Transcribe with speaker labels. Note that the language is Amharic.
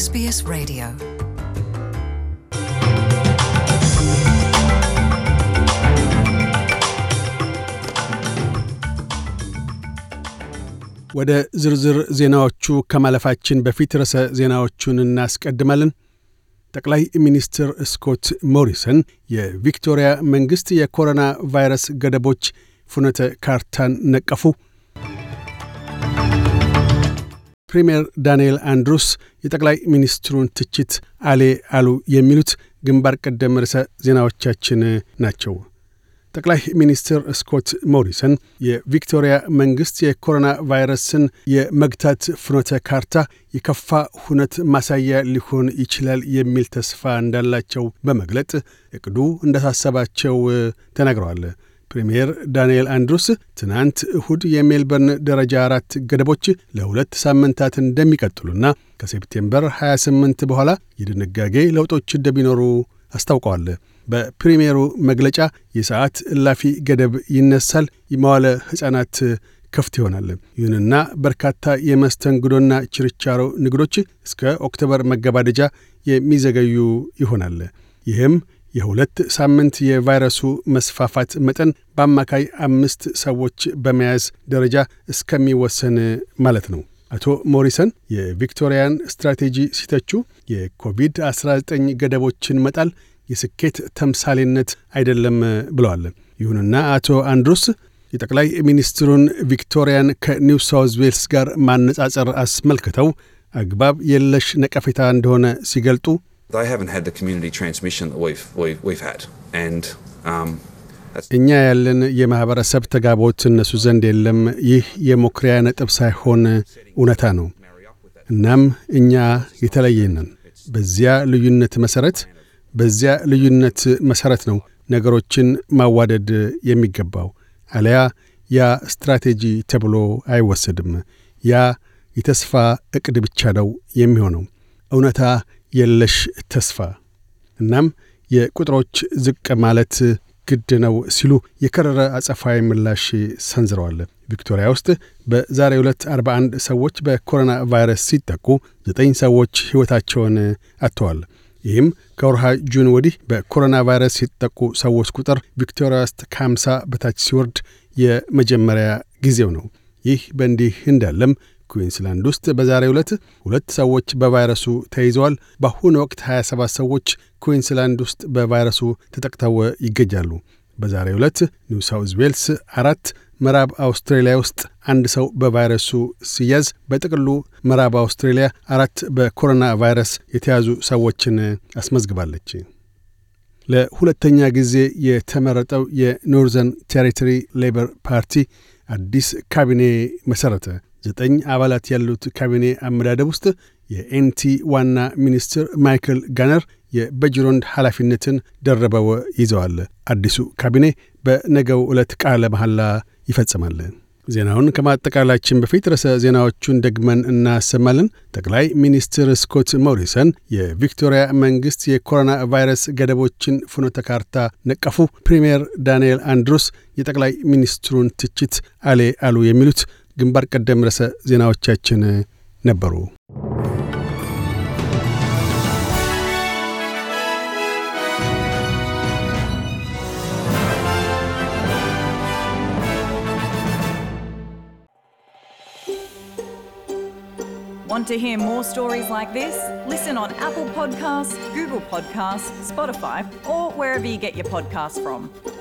Speaker 1: ኤስቢኤስ Radio. ወደ ዝርዝር ዜናዎቹ ከማለፋችን በፊት ርዕሰ ዜናዎቹን እናስቀድማለን። ጠቅላይ ሚኒስትር ስኮት ሞሪሰን የቪክቶሪያ መንግሥት የኮሮና ቫይረስ ገደቦች ፍኖተ ካርታን ነቀፉ። ፕሪምየር ዳንኤል አንድሩስ የጠቅላይ ሚኒስትሩን ትችት አሌ አሉ የሚሉት ግንባር ቀደም ርዕሰ ዜናዎቻችን ናቸው። ጠቅላይ ሚኒስትር ስኮት ሞሪሰን የቪክቶሪያ መንግሥት የኮሮና ቫይረስን የመግታት ፍኖተ ካርታ የከፋ ሁነት ማሳያ ሊሆን ይችላል የሚል ተስፋ እንዳላቸው በመግለጥ እቅዱ እንዳሳሰባቸው ተናግረዋል። ፕሪምየር ዳንኤል አንድሩስ ትናንት እሁድ የሜልበርን ደረጃ አራት ገደቦች ለሁለት ሳምንታት እንደሚቀጥሉና ከሴፕቴምበር 28 በኋላ የድንጋጌ ለውጦች እንደሚኖሩ አስታውቀዋል። በፕሪምየሩ መግለጫ የሰዓት እላፊ ገደብ ይነሳል፣ የመዋለ ሕፃናት ክፍት ይሆናል። ይሁንና በርካታ የመስተንግዶና ችርቻሮ ንግዶች እስከ ኦክቶበር መገባደጃ የሚዘገዩ ይሆናል። ይህም የሁለት ሳምንት የቫይረሱ መስፋፋት መጠን በአማካይ አምስት ሰዎች በመያዝ ደረጃ እስከሚወሰን ማለት ነው። አቶ ሞሪሰን የቪክቶሪያን ስትራቴጂ ሲተቹ የኮቪድ-19 ገደቦችን መጣል የስኬት ተምሳሌነት አይደለም ብለዋል። ይሁንና አቶ አንድሩስ የጠቅላይ ሚኒስትሩን ቪክቶሪያን ከኒው ሳውዝ ዌልስ ጋር ማነጻጸር አስመልክተው አግባብ የለሽ ነቀፌታ እንደሆነ ሲገልጡ
Speaker 2: they haven't had the community transmission that we've, we've, we've had. And um,
Speaker 1: እኛ ያለን የማህበረሰብ ተጋቦት እነሱ ዘንድ የለም። ይህ የሞክሪያ ነጥብ ሳይሆን እውነታ ነው። እናም እኛ የተለየንን በዚያ ልዩነት መሠረት በዚያ ልዩነት መሠረት ነው ነገሮችን ማዋደድ የሚገባው። አለያ ያ ስትራቴጂ ተብሎ አይወሰድም። ያ የተስፋ ዕቅድ ብቻ ነው የሚሆነው። እውነታ የለሽ ተስፋ እናም የቁጥሮች ዝቅ ማለት ግድ ነው ሲሉ የከረረ አጸፋዊ ምላሽ ሰንዝረዋል። ቪክቶሪያ ውስጥ በዛሬ ሁለት 41 ሰዎች በኮሮና ቫይረስ ሲጠቁ ዘጠኝ ሰዎች ሕይወታቸውን አጥተዋል። ይህም ከወርሃ ጁን ወዲህ በኮሮና ቫይረስ የተጠቁ ሰዎች ቁጥር ቪክቶሪያ ውስጥ ከ50 በታች ሲወርድ የመጀመሪያ ጊዜው ነው። ይህ በእንዲህ እንዳለም ኩዊንስላንድ ውስጥ በዛሬ ዕለት ሁለት ሰዎች በቫይረሱ ተይዘዋል። በአሁኑ ወቅት 27 ሰዎች ኩዊንስላንድ ውስጥ በቫይረሱ ተጠቅተው ይገኛሉ። በዛሬ ዕለት ኒው ሳውዝ ዌልስ አራት፣ ምዕራብ አውስትራሊያ ውስጥ አንድ ሰው በቫይረሱ ሲያዝ በጥቅሉ ምዕራብ አውስትራሊያ አራት በኮሮና ቫይረስ የተያዙ ሰዎችን አስመዝግባለች። ለሁለተኛ ጊዜ የተመረጠው የኖርዘርን ቴሪቶሪ ሌበር ፓርቲ አዲስ ካቢኔ መሠረተ። ዘጠኝ አባላት ያሉት ካቢኔ አመዳደብ ውስጥ የኤንቲ ዋና ሚኒስትር ማይክል ጋነር የበጅሮንድ ኃላፊነትን ደርበው ይዘዋል። አዲሱ ካቢኔ በነገው ዕለት ቃለ መሐላ ይፈጽማል። ዜናውን ከማጠቃላችን በፊት ርዕሰ ዜናዎቹን ደግመን እናሰማለን። ጠቅላይ ሚኒስትር ስኮት ሞሪሰን የቪክቶሪያ መንግሥት የኮሮና ቫይረስ ገደቦችን ፍኖተ ካርታ ነቀፉ። ፕሪምየር ዳንኤል አንድሮስ የጠቅላይ ሚኒስትሩን ትችት አሌ አሉ። የሚሉት ግንባር ቀደም ርዕሰ ዜናዎቻችን ነበሩ።
Speaker 2: Want to hear more stories like this? Listen on Apple Podcasts, Google Podcasts, Spotify, or wherever you get your podcasts from.